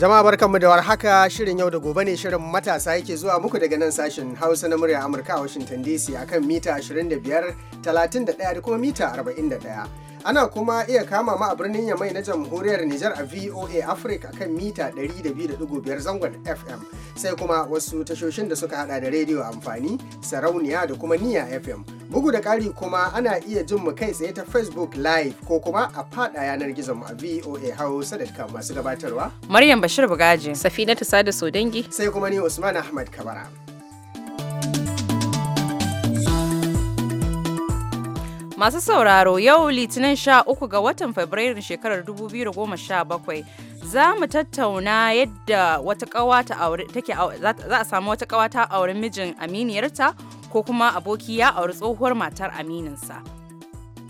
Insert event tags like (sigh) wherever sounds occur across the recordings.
Jama'a barkanmu da haka shirin yau da gobe ne shirin matasa yake zuwa muku daga nan sashen Hausa na murya Amurka a Washington DC akan mita 25, 31 da kuma mita 41. Ana kuma iya kama ma a birnin Yamai na jamhuriyar Nijar a VOA Africa kan mita biyar zangon FM sai kuma wasu tashoshin da suka hada da rediyo amfani, sarauniya da kuma niya FM. Bugu da kari kuma ana iya jin mu kai tsaye ta Facebook Live ko kuma a fada yanar gizon mu a VOA Hausa da kan masu gabatarwa. Maryam Bashir Bugaji, Safinatu Sada Sodangi, sai kuma ni Usman Ahmad Kabara. Masu sauraro yau Litinin sha uku ga watan Fabrairun shekarar 2017 za mu tattauna yadda wata kawa ta aure za a samu wata kawa ta auren mijin aminiyarta ko kuma aboki ya auri tsohuwar matar amininsa.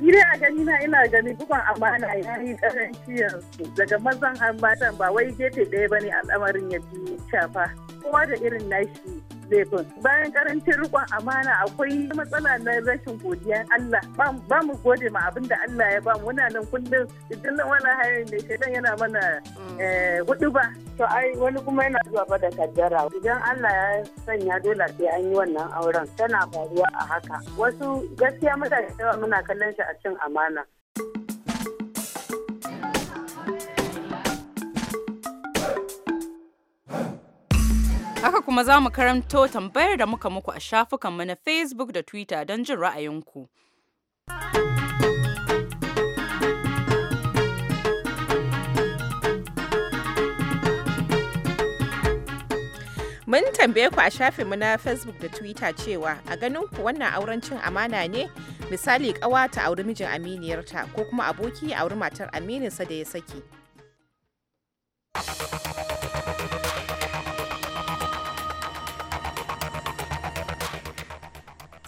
Ire a gani na ina gani bugun amana ya yi karanci yanzu daga mazan har ba wai gefe ɗaya ba bane al'amarin ya fi shafa. kowa da irin nashi laifin bayan karancin rikon amana akwai matsala na rashin godiyan Allah ba mu gode ma abin da Allah ya ba mu muna nan kullum idan nan wani hayar ne shaidan yana mana mm. eh, hudu ba to ai wani kuma yana zuwa ba da kaddara idan Allah ya sanya dole sai an yi wannan auren tana faruwa a haka wasu gaskiya mutane muna kallon shi a cin amana kuma za mu karanto tambayar da muka muku a shafukanmu na Facebook da Twitter don jin ra'ayinku. Mun tambaye ku a mu na Facebook da Twitter cewa a ganin ku wannan auren cin amana ne misali ƙawa ta auri mijin aminiyarta ko kuma aboki ya auri matar amininsa da ya saki.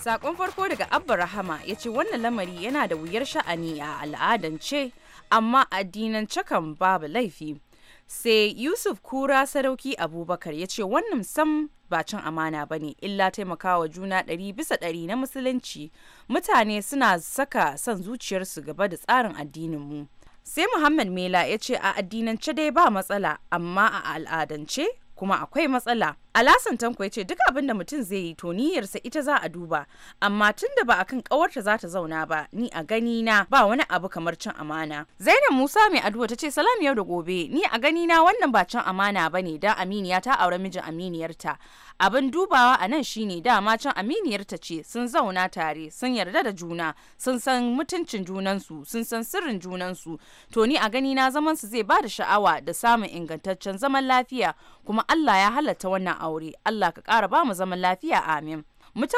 Sakon farko daga Abba Rahama ya ce wannan lamari yana da wuyar sha'ani a al'adance amma addinance cakan babu laifi. Sai Yusuf Kura Sadauki Abubakar ya ce wannan sam ba cin amana ba ne illa taimakawa juna ɗari bisa ɗari na musulunci mutane suna saka son zuciyarsu gaba da tsarin addininmu. Sai Muhammad Mela ya ce a addinance dai ba matsala amma a al'adance kuma akwai matsala. alasan tanko ya ce duk abin da mutum zai yi to niyyarsa ita za a duba amma tun da ba akan kawarta za ta zauna ba ni a gani na ba wani abu kamar cin amana zainab musa mai aduwa ta ce salam yau da gobe ni a gani na wannan ba cin amana ba ne dan aminiya ta aure mijin aminiyarta abin dubawa a nan shine dama cin aminiyarta ce sun zauna tare sun yarda da juna sun san mutuncin junansu sun san sirrin junansu to ni a gani na zamansu zai ba da sha'awa da samun ingantaccen zaman lafiya kuma Allah ya halatta wannan aure Allah ka ƙara ba mu zaman lafiya amin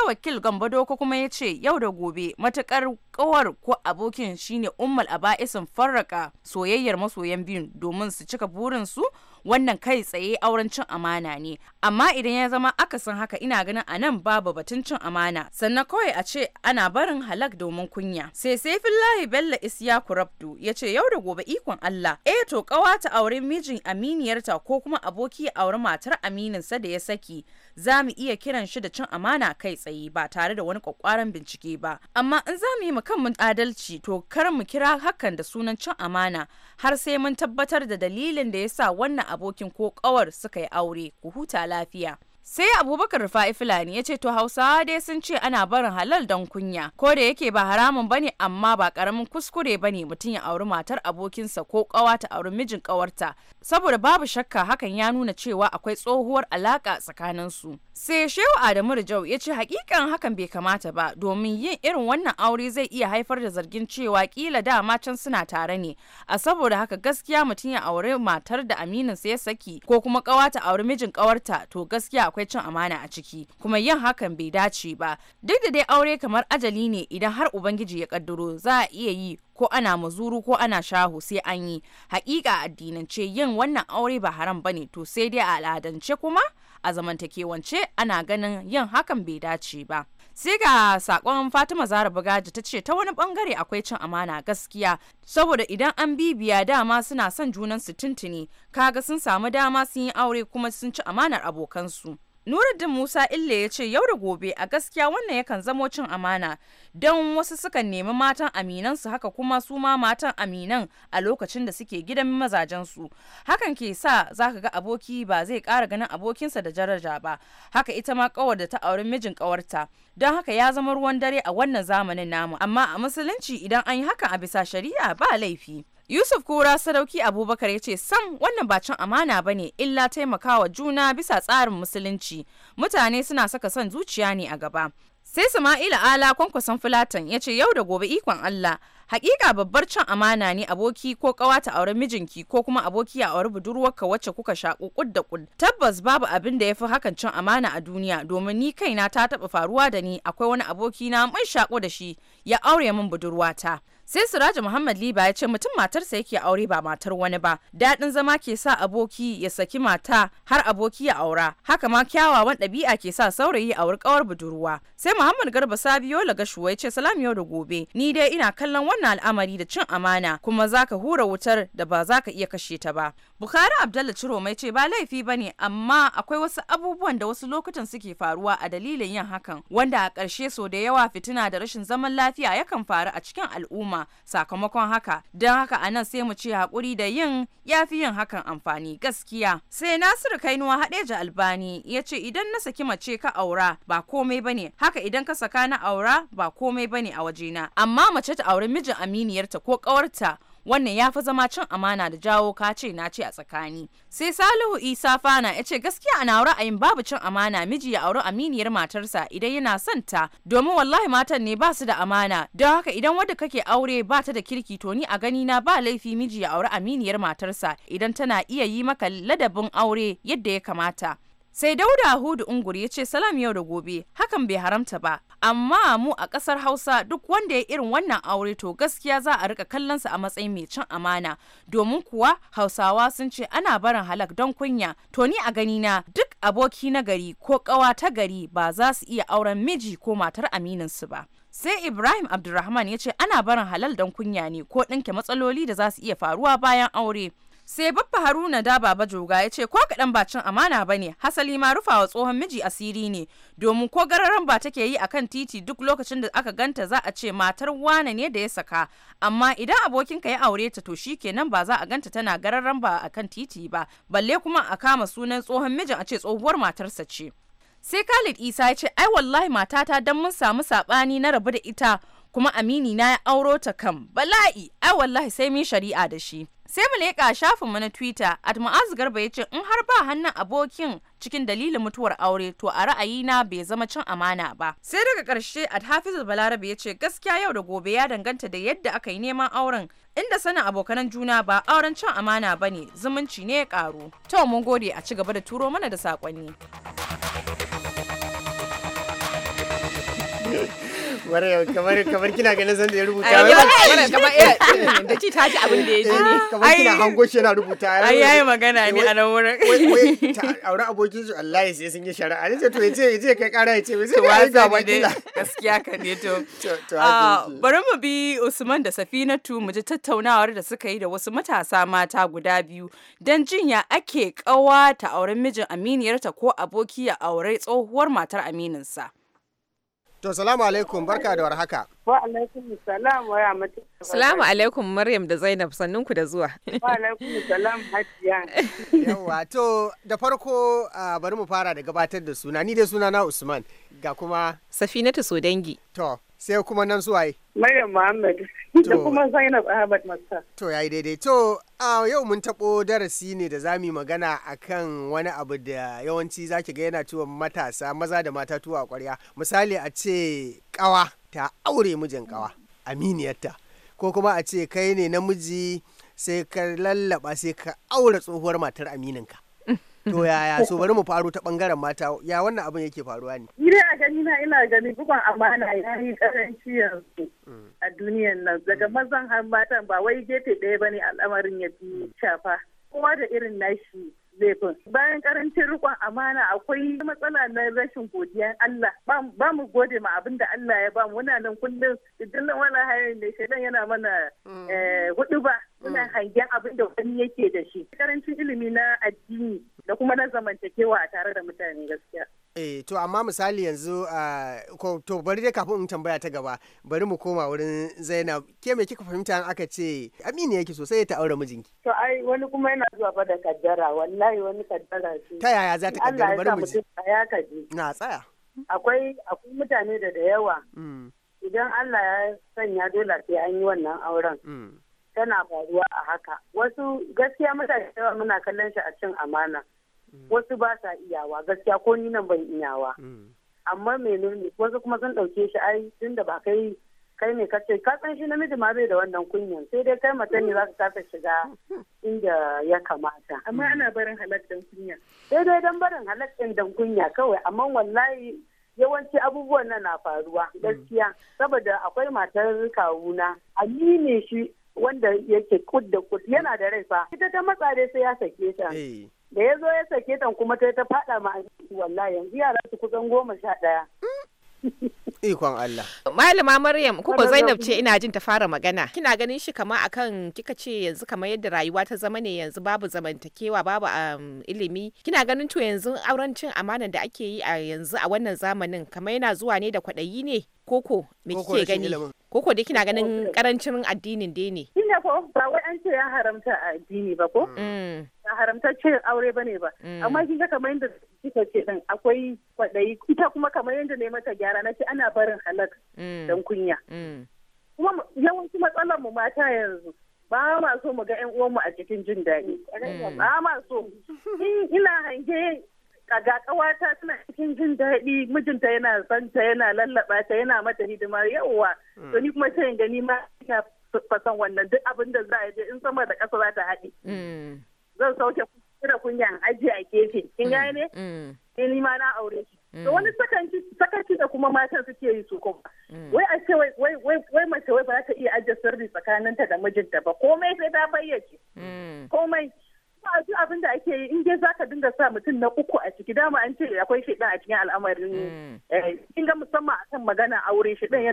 wakil gambado ko kuma ya ce yau da gobe matukar kawar ko abokin shine umar ummal aba'isin farraka soyayyar masoyan biyun domin su cika burinsu wannan kai tsaye auren cin amana ne amma idan ya zama aka san haka ina ganin a nan babu batun cin amana sannan kawai a ce ana barin halak domin kunya sai sai fillahi bello isyaku rabdu ya ce yau da gobe ikon allah eh to kawa ta aure mijin aminiyarta ko kuma aboki aure matar amininsa da ya saki za mu iya kiran shi da cin amana kai tsaye ba tare da wani kwakwaran bincike ba amma in za mu yi mu adalci to kar mu kira hakan da sunan cin amana har sai mun tabbatar da dalilin da ya sa wannan abokin ko kawar suka yi aure ku huta lafiya. sai abubakar rufa'i fulani ya ce to hausawa dai sun ce ana barin halal don kunya ko da yake ba haramun bane amma ba karamin kuskure bane mutum ya auri matar abokinsa ko kawa ta auri mijin kawarta saboda babu shakka hakan ya nuna cewa akwai tsohuwar alaka tsakanin su sai shehu adamu rijau ya ce hakikan hakan bai kamata ba domin yin irin wannan aure zai iya haifar da zargin cewa kila dama can suna tare ne a saboda haka gaskiya mutum ya auri matar da aminin sa ya saki ko kuma kawa ta auri mijin kawarta to gaskiya akwai cin amana a ciki kuma yin hakan bai dace ba duk da dai aure kamar ajali ne idan har ubangiji ya kaddaro za a iya yi ko ana mazuru ko ana shahu sai an yi hakika addinance yin wannan aure ba haram bane to sai dai a al'adance kuma a zamantakewance ana ganin yin hakan bai dace ba sai ga sakon fatima zara bugaji ta ce ta wani bangare akwai cin amana gaskiya saboda idan an bibiya dama suna son junan su tuntuni kaga sun samu dama sun yi aure kuma sun ci amanar abokansu Nuruddin Musa Ille ya ce yau da gobe a gaskiya wannan yakan zamo cin amana don wasu sukan nemi matan aminan su haka kuma su ma matan aminan a lokacin da suke gidan mazajen su hakan ke sa zaka ga aboki ba zai kara ganin abokinsa da daraja ba haka ita ma kawar da ta auri mijin kawarta don haka ya zama ruwan dare a wannan zamanin namu amma a musulunci idan an yi hakan a bisa shari'a ba laifi Yusuf Kura Sadauki Abubakar ya ce sam wannan ba cin amana ba ne illa taimakawa juna bisa tsarin musulunci mutane suna saka son zuciya ne a gaba. Sai Sama'ila Ala kwankwason Fulatan ya ce yau da gobe ikon Allah hakika babbar cin amana ne aboki ko kawa ta auren mijinki ko kuma aboki a auri budurwarka wacce kuka shaƙo kud da kud. Tabbas babu abin da ya fi hakan cin amana a duniya domin ni kaina ta taɓa faruwa da ni akwai wani aboki na mun shaƙo da shi ya aure min budurwata. sai siraji muhammad liba ya ce mutum matarsa yake aure ba matar wani ba daɗin zama ke sa aboki ya saki mata har aboki ya aura haka ma kyawawan ɗabi'a ke sa saurayi a ƙawar budurwa sai muhammad garba sabiyo lagashuwa ya ce salam yau da gobe ni dai ina kallon wannan al'amari da cin amana kuma zaka hura wutar da ba za ka iya kashe ta ba Bukhari Abdalla Ciro mai ce ba laifi ba ne amma akwai wasu abubuwan da wasu lokutan suke faruwa a dalilin yin hakan wanda a ƙarshe so da yawa fitina da rashin zaman lafiya yakan faru a cikin al'umma sakamakon haka don haka a nan sai mu ce haƙuri da yin ya fi yin hakan amfani gaskiya. Sai Nasiru Kainuwa Haɗeja Albani ya ce idan na saki mace ka aura ba komai ba ne haka idan ka saka na aura ba komai ba ne a wajena amma mace ta auri mijin aminiyarta ko ƙawarta wannan ya fi zama cin amana da jawo kace na ce a tsakani sai salihu isa fana ya ce gaskiya ana ra'ayin babu cin amana miji ya auri aminiyar matarsa idan yana son ta domin wallahi matan ne ba su da amana don haka idan wadda kake aure ba ta da kirki to ni a gani na ba laifi miji ya auri aminiyar matarsa idan tana iya yi maka ladabin aure yadda ya kamata sai dauda hudu ungur ya ce salam yau da gobe hakan bai haramta ba amma mu a kasar hausa duk wanda ya irin wannan aure to gaskiya za a rika kallonsa a matsayin mai cin amana domin kuwa hausawa sun ce ana barin halak don kunya to ni a gani na duk aboki na gari ko kawa ta gari ba za su iya auren miji ko matar aminin su ba sai ibrahim abdulrahman ya ce ana barin halal don kunya ne ko ɗinke matsaloli da za su iya faruwa bayan aure sai babba haruna da baba joga ya ce ko kaɗan bacin amana ba ne hasali ma rufawa tsohon miji asiri ne domin ko gararan ba take yi akan titi duk lokacin da aka ganta za a ce matar wane ne da ya saka amma idan abokinka ya aure ta to shikenan ba za a ganta tana gararan ba akan titi ba balle kuma a kama sunan tsohon mijin a ce tsohuwar matarsa ce sai khalid isa ya ce ai wallahi matata dan mun samu sabani na rabu da ita kuma amini na ya auro ta kan bala'i ai wallahi sai mun shari'a da shi sai mu leƙa shafinmu na twitter at ma'az garba ya ce in har ba hannun abokin cikin dalilin mutuwar aure to a ra'ayina bai zama cin amana ba sai daga ƙarshe at hafizu balarabe ya ce gaskiya yau da gobe ya danganta da yadda aka yi neman auren inda sanin abokanan juna ba auren cin amana ba ne zumunci ne ya ƙaru to mun gode a ci gaba da turo mana da saƙonni. kamar kamar kina ganin zan da ya rubuta kamar eh, (laughs) da ci ta ji abin da ya ji ne eh, kamar kina hango shi rubuta ai yayi magana ne a nan wurin aure abokin su Allah ya sai sun yi shari'a ne to yace yace kai kara yace yace wai ga wakila gaskiya ka ne to (laughs) ah, bari mu bi Usman da Safinatu mu ji tattaunawar da suka yi da wasu matasa mata guda biyu dan jin ya ake kawa ta auren mijin aminiyarta ko aboki ya aure tsohuwar matar amininsa. To salamu alaikum barka da warhaka. Wa alaikum salam wa rahmatullahi. Salamu alaikum Maryam da Zainab sannun ku da zuwa. (laughs) Wa alaikum salam Hajiya. Yawwa to da farko bari mu fara da gabatar da suna ni dai suna na Usman ga kuma Safinatu Sodangi. To sai kuma nan suwaye. Maryam Muhammad. Ita kuma Zainab Ahmad Massa. To yayi daidai. To a yau mun taɓo darasi ne da zamu magana a kan wani abu da yawanci zaki ga yana ciwon matasa maza da mata tuwa a ƙwarya. Misali a ce ƙawa ta aure mijin ƙawa aminiyarta ko kuma a ce kai ne namiji sai ka lallaɓa sai ka aure tsohuwar matar amininka. To (laughs) yaya so bari mu faro ta bangaren mata ya wannan abin yake faruwa ne? Ni a gani na ina gani bugun amana ya yi karanci yanzu a duniyan nan daga mazan har matan ba wai gefe ɗaya bane al'amarin ya fi shafa. Kowa da irin nashi laifin. Bayan karancin rikon amana akwai matsala na rashin godiya Allah. Ba mu gode ma abin da Allah ya ba mu muna nan kullum dillan wala hayan ne shaidan yana mana mm. eh, hudu ba. Mm. Muna hangen abin da wani yake da shi. Karancin ilimi na addini da kuma na zamantakewa tare da mutane gaskiya. eh to amma misali yanzu uh, to bari dai kafin in tambaya ta gaba bari mu koma wurin zainab ke me kika fahimta an aka ce amini yake sosai ta aure mijinki to ai wani kuma yana zuwa fa da kaddara wallahi wani kaddara ce ta yaya za ta kaddara bari mu ji ya kaji na tsaya akwai akwai mutane da da yawa mm. idan Allah ya sanya dole sai an yi wannan auren mm. tana faruwa a haka wasu gaskiya mutane yawa muna kallon shi a cin amana wasu ba sa iyawa gaskiya ko ni nan ban iyawa amma menene wasu kuma sun ɗauke shi ai tunda ba kai kai ne ka ce ka san shi namiji ma bai da wannan kunyan sai dai kai mata ne za ka kasa shiga inda ya kamata amma ana barin halaccin kunya sai dai dan barin halaccin dan kunya kawai amma wallahi yawanci abubuwan nan na faruwa mm. gaskiya saboda akwai matar kawuna ne shi wanda yake kud da kud yana da rai fa ita ta matsa dai sai ya sake ta eh. da ya zo ya sake ɗan kuma ta ta faɗa ma wallahi yanzu yara su kusan goma sha ɗaya. (laughs) Ikon Allah. Malama Maryam, kuka Zainab ce ina jin ta fara magana. Kina ganin shi kama akan kika ce yanzu kamar yadda rayuwa ta zama ne yanzu babu zamantakewa babu um, ilimi. Kina ganin to yanzu auren cin amanan da ake yi a yanzu a wannan zamanin kama yana zuwa ne da kwaɗayi ne koko me kike gani? ko ko dai kina ganin karancin addinin dai ne ina ko ba wai an ce ya haramta addini ba ko mm. haramta ce aure ba ne ba mm. amma kin ga kamar yadda kika ce din akwai kwaɗayi ita kuma kamar yadda ne mata gyara na ce ana barin halak mm. dan kunya kuma yawanci matsalar mu mata yanzu ba ma so mu ga 'yan mu a cikin jin daɗi ba ma so ina hange ga kawata tana cikin jin daɗi mijinta yana santa yana lallaba ta yana mata hidima yawwa hmm. to ni kuma sai gani ma ina fasan wannan duk abin da za a je in sama da ƙasa za ta haɗe hmm. zan sauke kira kunya ajiye a gefe kin hmm. gane ne ni ma na aure shi to wani sakanci sakanci da kuma matan suke yi su kuma wai a ce wai wai mace wai ba ta iya ajiye sirri tsakaninta da mijinta ba komai sai ta bayyace komai a duk abin da ake yi in dai ka dinga sa mutum na uku a ciki dama an ce akwai shiɗan a cikin al'amarin hmm. eh, in ga musamman akan magana aure shiɗan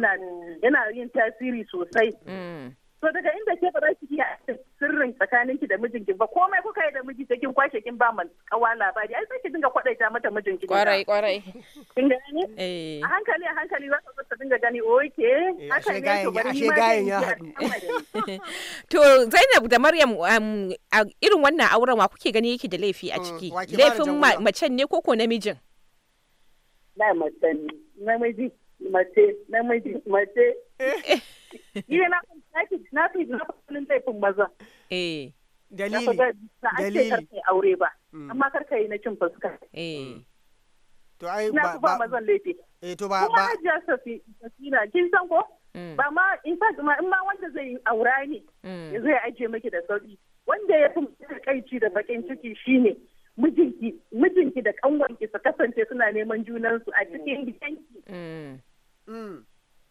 yana yin tasiri sosai hmm. to daga inda ke fara ki iya sirrin tsakanin ki da mijinki ba komai kuka yi da miji sai kin kwashe kin ba man kawa labari ai sai ki dinga kwadaita mata mijinki kwarai kwarai kin gane eh. a hankali a hankali za ka zo dinga gani oke eh, haka ne to bari ma gayen ya hadu (laughs) to Zainab da Maryam um, a irin wannan auren wa kuke gani yake da laifi a mm, ciki laifin macen ne ko ko namijin na mace namiji mace namiji mace Eh. Iya na na fi na fi laifin maza. Eh. Dalili. Dalili. Na ake aure ba. Mm. Amma kar ka yi na cin fuska. Eh. Mm. To ai ba ba mazan laifi. Eh to ba ba. Kuma hajiya safi safina kin san ko? Mm. Ba ma in fact ma in ma wanda zai aura ne. Zai ajiye miki da sauki. Wanda ya fi kaici da bakin ciki shine mijinki mijinki da kanwanki su kasance suna neman junansu a cikin gidanki.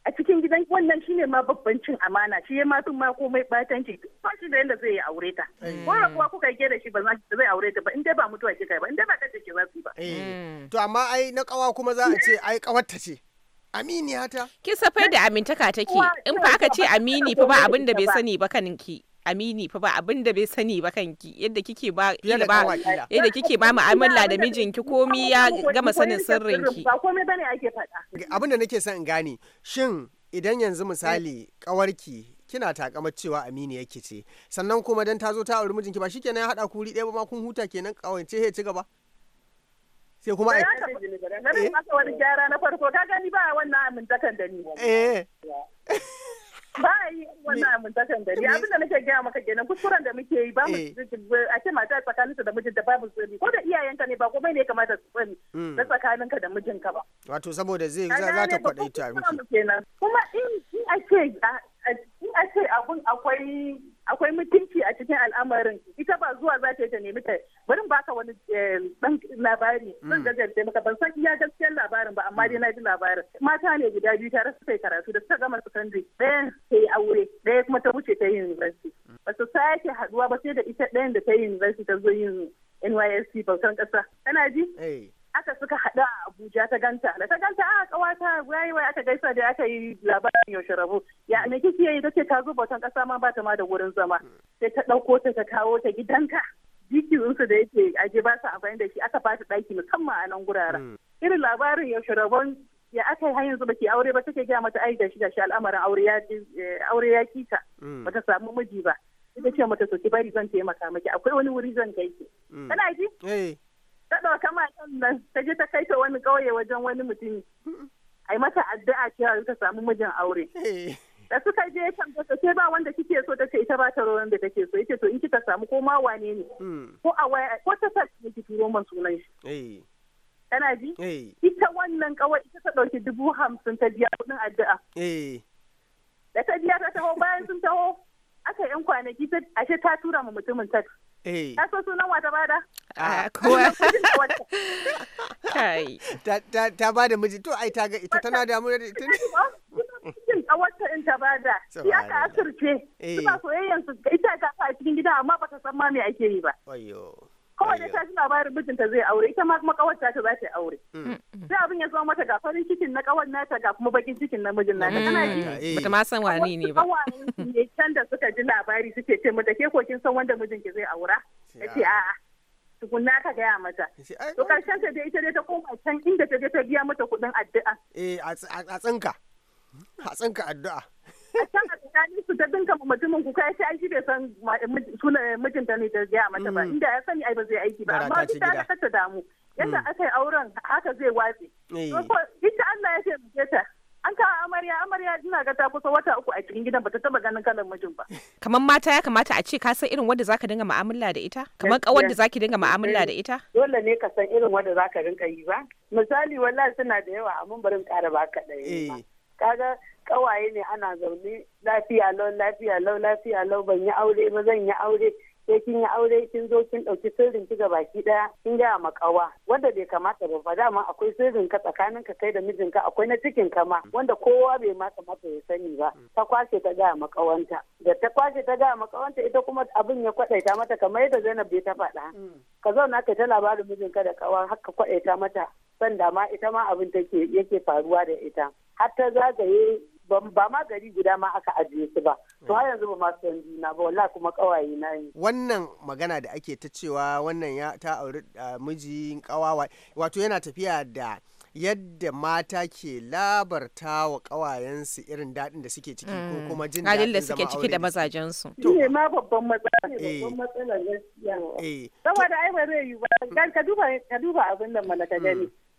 a cikin gidan wannan shine ma babban cin amana shi ya matun ma komai batanci ba shi da yadda zai yi aure ta eh. ko kuwa kuka ke da shi ba zai aure ta ba in dai ba mutuwa ke kai ba in dai ba kace ke za su ba eh. hmm. to amma ai na kawa kuma za a ce ai kawarta ce aminiya ta kin safai da amintaka take in fa aka ce amini fa ba abin da bai sani ba kaninki amini fa ba abin da bai sani ba kanki yadda kike ba ba yadda kike ba mu'amala da mijinki komi ya gama sanin sirrinki ba komai bane ake faɗa abin da nake son in gane shin idan yanzu misali kawarki eh. kina takamar cewa amini yake ce sannan kuma dan tazo ta auri mijinki ba shikenan ya hada ku ɗaya ba ma kun huta kenan kawance he ci gaba sai kuma ai na masa eh. wani gyara na farko ka gani ba wannan amintakan da ni eh ba yi wannan muntakan gari abinda nake gaya maka kenan kuskuren da muke yi ba mu eh. a ce mata tsakanin da mijin da babu sani ko da iyayenka ne ba komai ne kamata su sani da hmm. tsakaninka da mijinka ba wato saboda zai za ta kwadaita miki kuma in a ce akwai akwai mutunci a cikin al'amarin ita ba zuwa za ta nemi ta bari baka wani dan eh, labari mm. zan gajarce maka ban san iya gaskiyar labarin ba amma dai mm. na ji labarin mata ne guda biyu tare su kai karatu da suka gama secondary ɗayan ta yi aure ɗaya kuma ta wuce ta yi university mm. ba su yake haɗuwa ba sai da ita ɗayan da ta yi university ta zo yin NYSC bautan ƙasa kana ji? aka suka haɗu a Abuja ta ganta da ta ganta a ah, kawata yayi wai aka gaisa da aka yi labarin yaushe rabu ya me kike yi take ta zo bautan kasa ma bata ma da wurin zama sai ta ɗauko ta ta kawo ta gidanka jikinsu da yake aje ba su amfani da shi aka ba ta daki musamman a nan guraren mm. irin labarin yaushe rabon ya aka yi hanyar yanzu ke aure ba take gaya mata ai da shi al'amarin aure ya eh, aure ya kita mm. bata samu miji ba ita ce mata so bari zan taimaka miki akwai wani wuri zan kai ki mm. kana ji eh. ta ɗauka matan nan ta je ta kai ta wani ƙauye wajen wani mutum. ai mata addu'a cewa ta samu mijin aure eh. da suka je can ta sai ba wanda kike so ta ce ita ba ta rawar da take so yace to in kika samu ko ma wane ne hmm. ko a waya ko ta sa ki turo man sunan shi eh. kana ji eh. ita wannan kawai ita ta ɗauki dubu hamsin ta biya kuɗin addu'a da ta biya ta taho bayan sun taho aka yan kwanaki ashe ta tura ma mutumin ta. Ta eh. so sunan wa ta bada? A ah, ah. kowa. (laughs) Kai. Ta bada miji to ai ta ga ita tana damu da ita. Cikin kawarta in ta bada. Ya ka asirce. Suna eh. soyayyansu ita ta fa a cikin gida amma ba ta san ma me ake yi ba. Ayyo. kawai da ta suna bayar mijinta zai aure ita ma kuma kawar ta za ta aure hmm. Hmm, hmm. sai abin ya zama mata ga farin cikin na kawar nata ga kuma bakin cikin na mijin nata kana ji eh. bata ma san wani ne ba ne can da suka ji labari suke ce da ke ko san wanda mijin ki zai aura ce a'a tukunna ka gaya mata to karshen ta dai ita dai ta koma can inda ta je ta biya mata kuɗin addu'a eh a tsinka a tsinka addu'a a can a tsakanin su ta dinka mutumin kuka ya ce shi bai san sunan eh, mijinta ne da gaya mata ba mm. inda ya sani ai ba zai aiki ba amma ita ta ta damu yadda mm. aka yi auren haka zai watse eh. ita Allah ya ce mu ta an kawo amarya amarya ina ga ta kusa wata uku a cikin gidan bata taba ganin kalan mijin ba kamar mata ya kamata a ce ka san irin wanda zaka dinga mu'amala da ita kamar kawar da zaki dinga mu'amala da ita dole ne ka san irin wanda zaka rinka yi ba misali wallahi suna da yawa amma barin ƙara ba ka kaga kawaye ne ana zaune lafiya lau lafiya lau lafiya lau ban yi aure ba zan yi aure sai kin yi aure kin zo kin ɗauki sirrin ki baki ɗaya kin gaya ma wanda bai kamata ba fa dama akwai sirrin ka tsakanin ka kai da mijinka akwai na cikin ka ma wanda kowa bai ma kamata ya sani ba ta kwashe ta gaya makawanta da ta kwashe ta gaya makawanta ita kuma abin ya kwaɗaita mata kamar yadda Zainab bai ta faɗa mm. ka zauna ka ta labarin mijinka da kawa haka kwaɗaita mata sanda ma ita ma abin take yake faruwa da ita har ta zagaye ba ma gari guda ma aka ajiye su ba to har yanzu ba ma san juna ba wallahi kuma kawaye na yi wannan magana da ake ta cewa wannan ya ta auri miji kawawa wato yana tafiya da yadda mata ke labarta wa kawayensu irin daɗin da suke ciki ko mm. kuma jin daɗin da suke ciki da mazajensu. ne ma babban matsala ne eh. babban matsala ne eh. Saboda ai ba zai yi ba ka duba abin da malaka gani.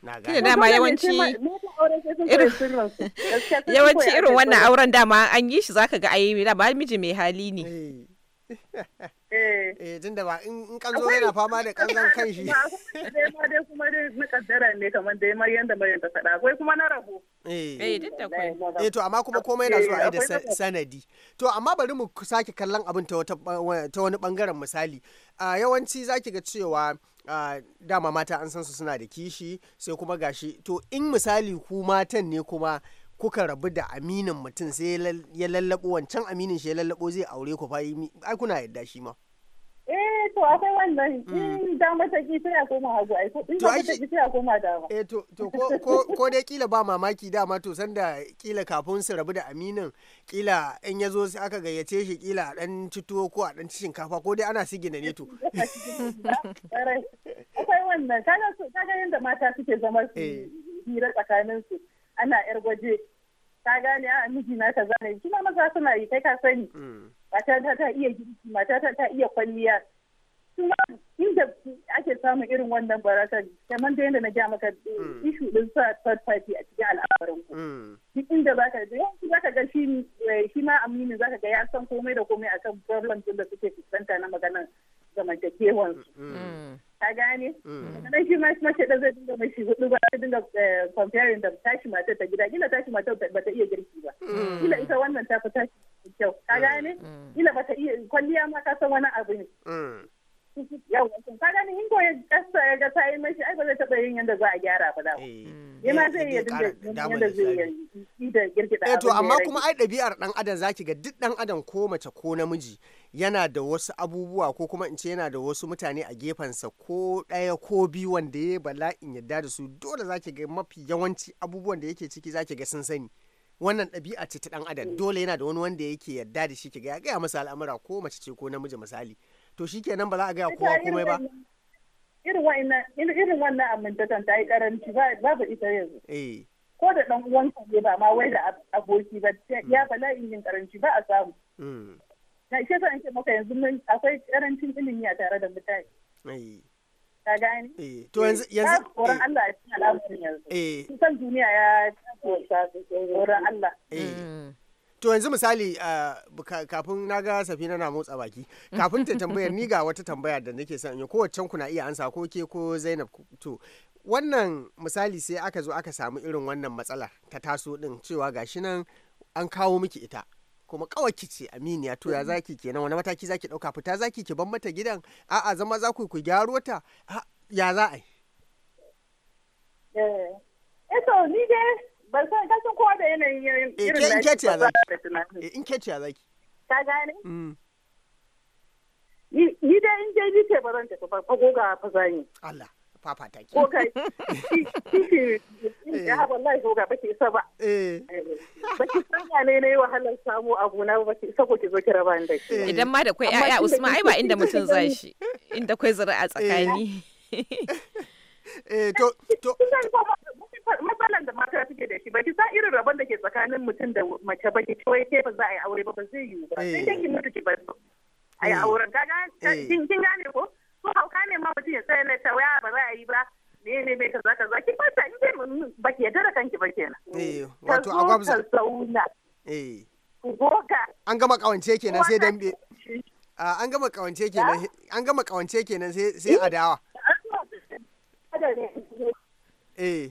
tunda dama yawanci yawanci irin wannan auren dama an yi shi zaka ga ayi dama miji mai hali ne eh. (laughs) eh, eh tun da ba in kanzo yana fama da kanzan kan shi ne kamar dai kuma na rabo eh eh, eh to amma kuma komai yana eh, zuwa da sanadi to amma bari mu sake kallon abin ta wani bangaren misali yawanci zaki ga cewa dama mata an san su suna da kishi sai kuma gashi to in misali ku matan ne kuma kuka rabu da aminin mutum sai ya lallabo wancan aminin shi ya lallabo zai aure ku fa ai kuna yadda shi ma eh to akwai wannan mm. in dama ta ki sai koma hagu ai in dama ta ki koma dama eh to to ko ko dai kila ba mamaki dama to sanda kila kafin su rabu da aminin kila in ya zo aka gayyace shi kila a dan tuwo ko a dan shinkafa ko dai ana sigina ne to (laughs) akwai wannan kaga kaga yanda mata suke zama su eh. hira tsakaninsu ana yar gwaje ka gane a miji na ka zane shi ma maza suna yi kai ka sani mm. matata ta iya girki matata ta iya kwalliya kuma inda ake samun irin wannan barakar kamar da yadda na ja maka eh, mm. ishu din sa third party a cikin al'amarin ku mm. duk inda zaka ga ka ga shi eh, shi ma aminu zaka ga ya san komai da komai akan problem din da suke fuskanta na maganar zamantakewansu. ka gane mm. sannan shi ma mace da zai dinga mashi hudu ba zai dinga eh, comparing da tashi matar ta gida gina tashi matar ba ta iya girki ba mm. kila ita wannan ta fi tashi kyau ka gane gina mm. ba ta iya kwalliya ma ta san wani abu ne yau ka gani in kasa ya ga ta yi mashi ai ba zai taba yin yadda za a gyara ba da ya eh. ma zai yi yadda zai yi da girgida eh, to amma kuma ai ɗabi'ar dan adam zaki ga duk dan adam ko mace ko namiji yana da wasu abubuwa ko kuma in ce yana da wasu mutane a gefensa ko ɗaya ko biyu wanda ya in yadda da su dole zaki ga mafi yawanci abubuwan da yake ciki zaki ga sun sani wannan ɗabi'a ce ta ɗan adam mm. dole yana da wani wanda yake yadda da shi ki ga ya gaya masa al'amura ko mace ce ko namiji misali to shikenan ba za a gaya kowa komai ba irin wannan irin wannan amintakan ta yi karanci babu ita yanzu eh. ko da dan uwanka ne ba ma wai da aboki ba mm. ya in yin karanci ba a samu mm. na ishe sa in ce maka yanzu akwai karancin ilimi a tare da mutane eh. ka gani? Eh. To yanzu yanzu tsoron Allah ya cikin al'amuran yanzu. san duniya ya tsoron Allah. Mm. to yanzu misali eh, kafin na ga safina na motsa baki (laughs) kafin ta tambayar ni ga wata tambaya da nake son yi kowace kuna iya ansa ko ke ko zainab to wannan misali sai aka zo aka samu irin wannan matsalar ta taso din cewa gashi nan an kawo miki ita kuma kawaki ce aminiya to ya zaki kenan wani mataki zaki dauka fita zaki ki ban mata gidan a'a zama za ku gyaro ta ya za a eh, eh to ni dai ban san kasan kowa da yanayin irin eh, da ke ciya zaki in ke ciya zaki ka gane mm. ni dai in je ni ce ba zan tafi ba ko ga fazani Allah fafa ta ke ko kai kike (laughs) eh. ya ah, wallahi ko ga baki isa ba eh, eh baki sanya ne ne wahalar samu abu na baki isa ko ki zo ki raba da shi idan ma da kai yaya Usman ai ba inda mutum zashi shi inda kai a tsakani (laughs) eh to to matsalan da mata suke da shi ba ki san irin rabon da ke tsakanin mutum da mace ba ki kawai ke ba za a yi aure ba ba zai yiwu ba sai dai ki mutu ki bar a yi eh. auren ka eh. kin gane ko ko hauka ne ma mutum ya tsaya na ta waya ah, ba za a yi ba ne ne mai kaza kaza ki fata in dai ba ki da kanki ba kenan eh wato a gwabza eh goga an gama kawance kenan sai dambe an gama kawance kenan an gama kawance kenan sai sai adawa eh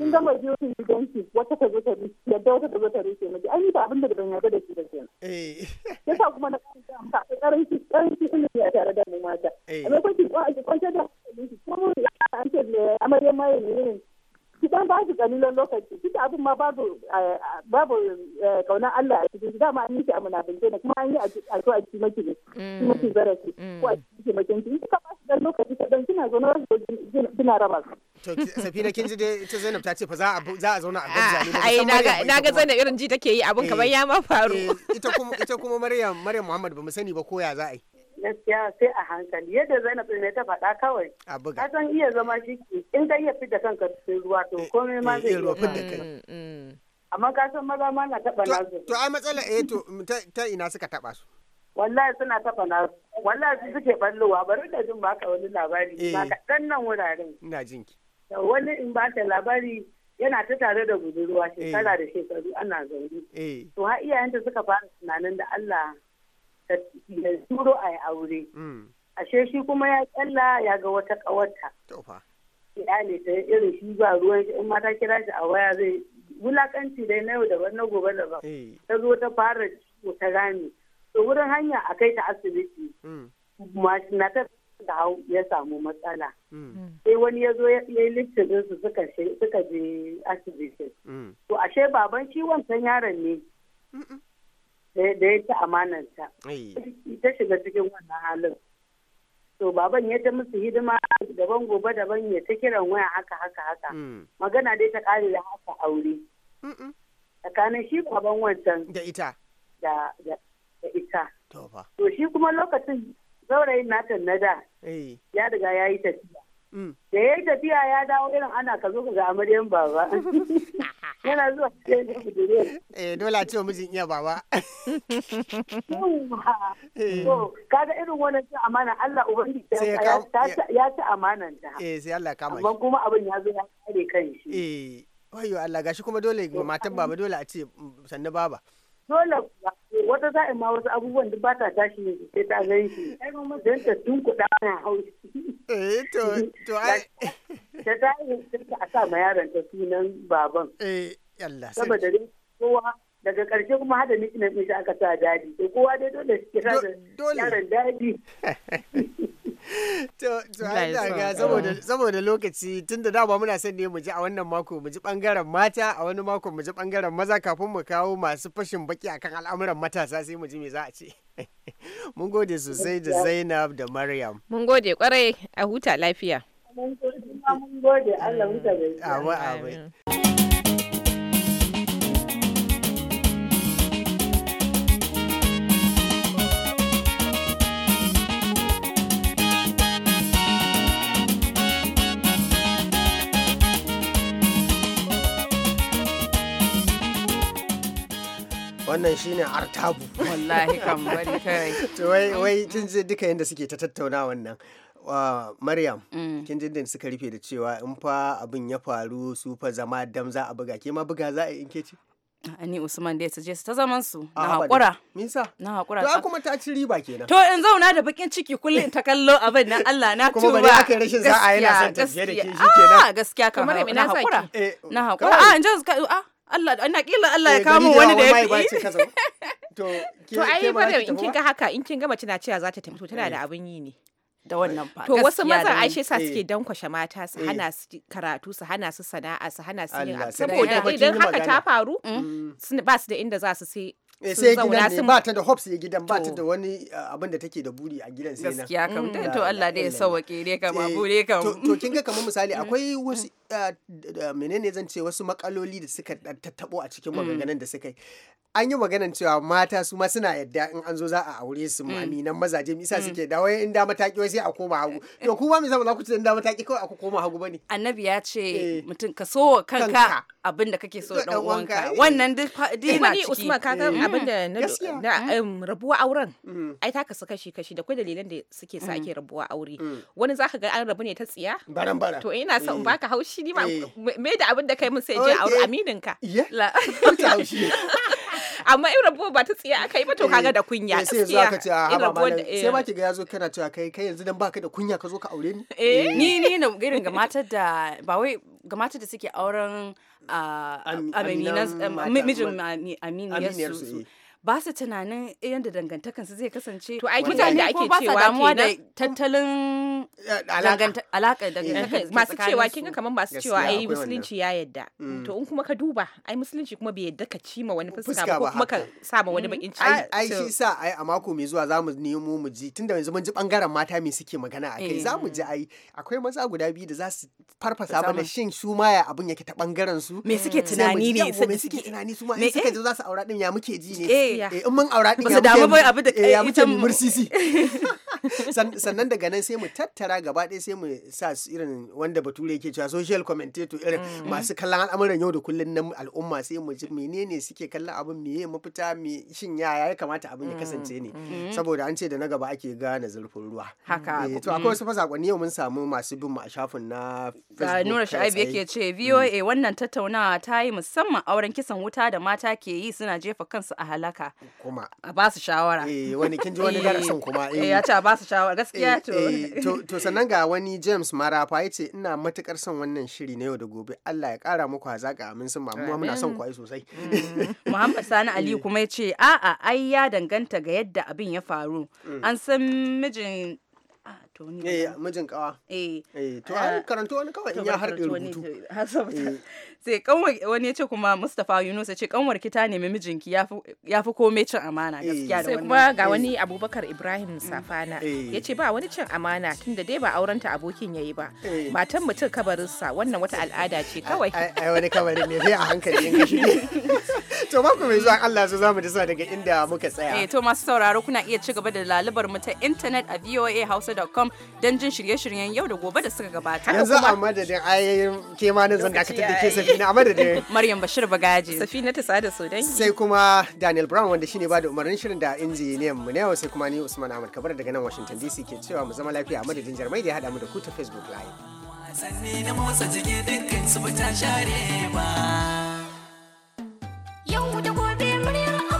kin ga mai biyu sun gidanki wata ta zo ta yadda wata ta zo ta rufe miji ai ba abin da ban yarda da shi ba kenan eh yasa kuma na kan ta karanci karanci ilimi a tare da mu mata eh. a lokacin ko a ji kwanta da ko mun an ce amarya mai ne ki ba shi kalilan lokaci duk abin ma babu babu kaunar eh, Allah a cikin ma an yi shi a munafince ne kuma an yi a to a cikin maki ne cikin mm. maki ce mm. ko a cikin maki ne kika ba su dan lokaci ka dan kina zaune kina raba su to safira kin ji dai ita Zainab ta ce fa za a za a zauna a gaban ah, jami'a ai naga naga Zainab irin ji take yi abun kamar ya ma faru eh, ita kuma ita kuma Maryam Maryam Muhammad ba mu sani ba ko ya za a yi gaskiya sai a hankali yadda zainab ne ta faɗa kawai a san iya zama shi in ka iya fita kanka cikin ruwa to eh, komai ma eh, zai iya fidda kai mm, mm. amma ka san maza ma na taɓa nasu to ai matsala eh to mm, ta ina suka taɓa su wallahi suna taɓa nasu wallahi su suke ballowa bari da jin baka wani labari eh. ba ka dan nan wuraren ina jinki wani in baka labari yana ta tare da budurwa shekara da shekaru ana zaune to ha iyayenta suka fara tunanin da Allah da turo a yi aure mm. ashe shi kuma ya kyalla ya ga wata kawarta ya ne ta irin shi ba ruwan in mata kira shi a waya zai wulakanci dai na yau daban na gobe da ba. Eh. ta zo ta fara ta rami to wurin hanya a kai ta asibiti mm. ta da hau ya samu matsala mm. sai wani ya zo ya yi liftin su suka je asibiti to ashe baban ciwon wancan yaron ne da ya ci amananta ta shiga cikin wannan halin to baban ya ta musu hidima daban gobe daban ya ta kiran waya haka haka haka mm. magana dai ta kare da haka aure tsakanin shi baban wancan da ita da ita to shi kuma lokacin saurayin natan na da ya riga ya yi tafiya da ya tafiya ya dawo irin ana ka zo ga amaryan baba (laughs) yana zuwa sai da budure eh dole a ce mijin iya baba (laughs) eh. to kaga irin wannan ta amana Allah ubangiji ya ci amanan ta eh sai Allah kama shi amma kuma abin ya zo ya kare kan shi eh wayo Allah gashi kuma dole matan baba dole a ce mm, sannu baba dole wata za'in ma wasu abubuwan duk ba ta tashi ne sai ta gan shi don ta tunkuɗa ana haushi. Eh to to ai. Ta tashi a sa ma yaron ta sunan baban. Eh Allah Saboda dai kowa daga ƙarshe kuma hada nickname ɗin shi aka sa daji. kowa dai dole shi kira da yaron daji. (laughs) (laughs) to to ga saboda saboda lokaci tunda dama muna son ne mu ji a wannan mako mu ji bangaren mata a wani mako mu ji bangaren maza kafin mu kawo masu fashin baki akan al'amuran matasa sai mu ji me za a ce (laughs) mun gode sosai da Zainab da Maryam mun gode kwarai a huta lafiya mun gode Allah mutane bai amin amin wannan shine artabu wallahi kan bari kai (laughs) to wai wai kin ji duka yanda suke ta tattauna wannan Uh, Maryam, mm. kin kin jindin suka rufe da cewa in fa abin ya faru su fa zama dam za a buga ke ma buga za a in ke ce? ni Usman dai su je su ta zaman su na hakura. Nisa. Na hakura. To kuma ta ci riba kenan. To in zauna da bakin ciki kullum ta kallo abin nan Allah na tuba. Kuma bari aka rashin za a yana son tafiye da ke shi kenan. gaskiya kamar na hakura. Eh, na hakura. a in je su a Allah ina kila Allah ya eh, kamo wani da ya fi (laughs) to ai ba da in kin ga haka in kin ga mace na cewa za ta tafi to tana da eh. abin yi ne da wannan fa to wasu maza aishe sa suke eh. dankwashe mata su hana su karatu su hana su sana'a su hana su yin saboda idan haka ta faru mm. ba su da inda za su sai sai gidan ne ba ta da hops ya gidan ba ta da wani abin da take da buri a gidan sai na gaskiya kam mm. to Allah da ya sauke ne kam abu kam to kin ga kamar misali (laughs) mm. akwai wasu menene zan ce wasu makaloli da suka tattabo a cikin mm. maganganun da suka yi an yi maganan cewa mata su ma suna yadda in an zo za a aure su mm. aminan mazaje misa mm. suke da wai in da mataki wai sai a koma hagu (laughs) to kuma misa zama za ku ce in da mataki kawai a koma hagu bane annabi ya ce eh. mutum ka so kanka abin da kake so dan uwanka eh. wannan duk dina eh, ciki Usman ka ga abin da na um, rabuwa auren ai ta kasu kashi kashi da kai dalilan da suke sa ake rabuwa aure wani zaka ga an rabu ne ta tsiya baran bara to ina son baka haushi haushi ni ma eh. me da abin da kai mun sai je aure aminin ka (laughs) (laughs) amma in rabuwa ba ta tsiya aka yi ba to kaga da kunya eh, sai yanzu aka ce a haba eh. sai ma kiga yazo kana cewa kai kai yanzu dan baka da kunya ka zo ka aure ni ni ni na irin ga matar da ba wai ga matar da suke auren ah, amininan mijin amin yasu ba su tunanin yadda dangantakansu zai kasance to ai mutane ake cewa damuwa da tattalin eh, alaka eh. dangantaka (laughs) masu cewa kin ga kaman masu cewa ai musulunci ya yadda mm. to in kuma ka duba ai musulunci kuma bai yadda ka ci ma wani fuska ba ko kuma ka sa ma wani mm. bakin ciki ai shi sa ai a mako mai zuwa zamu nemo mu ji tunda yanzu mun ji bangaren mata me suke magana akai zamu ji eh. ai akwai maza guda biyu da za su farfasa mana shin su ma ya abun yake ta bangaren su me suke tunani ne me suke tunani su ma in suka ji za su aura din ya muke ji ne Eh, eh, in mun aura din ba su eh, ya ba mursisi (laughs) (laughs) sannan daga nan sai mu tattara gaba ɗaya sai mu sa irin wanda bature yake cewa social commentator irin mm. masu kallon al'amuran yau da kullun na al'umma sai mu ji menene suke kallon abin meye mafita me shin yaya ya kamata abin ya mm. kasance ne mm. saboda an ce da na gaba ake gane zurfin ruwa haka eh, to akwai wasu fasakonni yau mun samu masu bin mu a shafin na Facebook Nura Shaibu yake ce VOA wannan tattaunawa ta yi musamman auren kisan wuta da mata ke yi suna jefa kansu a halaka kuma a ba su shawara eh wani kin ji wani (laughs) eh. darasin kuma eh ya ce ba su shawara gaskiya eh, to. Eh, (laughs) to sannan ga wani James Marafa ya ce ina matukar son wannan shiri na yau da gobe Allah ya kara muku hazaka amin sun ba mu muna son kwai sosai. Mm. Muhammad Sani Ali (laughs) eh. kuma ya ce a'a ai ya danganta ga yadda abin ya faru. Mm. An san mijin to ni eh mijin kawa eh eh to eh, an karanto wani kawai in ya da rubutu (laughs) eh. sai kanwar wani ya ce kuma Mustapha Yunus ya ce kanwar ki ta nemi mijinki ya fi komai cin amana eh. gaskiya da sai kuma ga wani Abubakar Ibrahim mm. Safana ya ce ba wani cin amana tunda dai ba aurenta abokin yayi ba matan mutum kabarinsa wannan wata al'ada ce kawai ai wani kabarin ne sai a hankali in kashi to ba ku mai zuwa Allah su zamu dasa daga inda muka tsaya eh to masu sauraro kuna iya ci gaba da lalubar mu ta internet a voahausa.com don jin shirye-shiryen yau da gobe da suka gabata. Yanzu a madadin ke ma na zan dakatar da ke safina a madadin. (laughs) Maryam Bashir Bagaji. Safina ta sada Sudan. Sai kuma Daniel Brown wanda shine ba da umarnin shirin da injiniyan mu ne sai kuma ni Usman Ahmad Kabar daga nan Washington DC ke cewa mu zama lafiya a madadin jarmai da ya haɗa mu da ku ta Facebook Live. na motsa dukkan su ba ta share ba. Yau da gobe muryar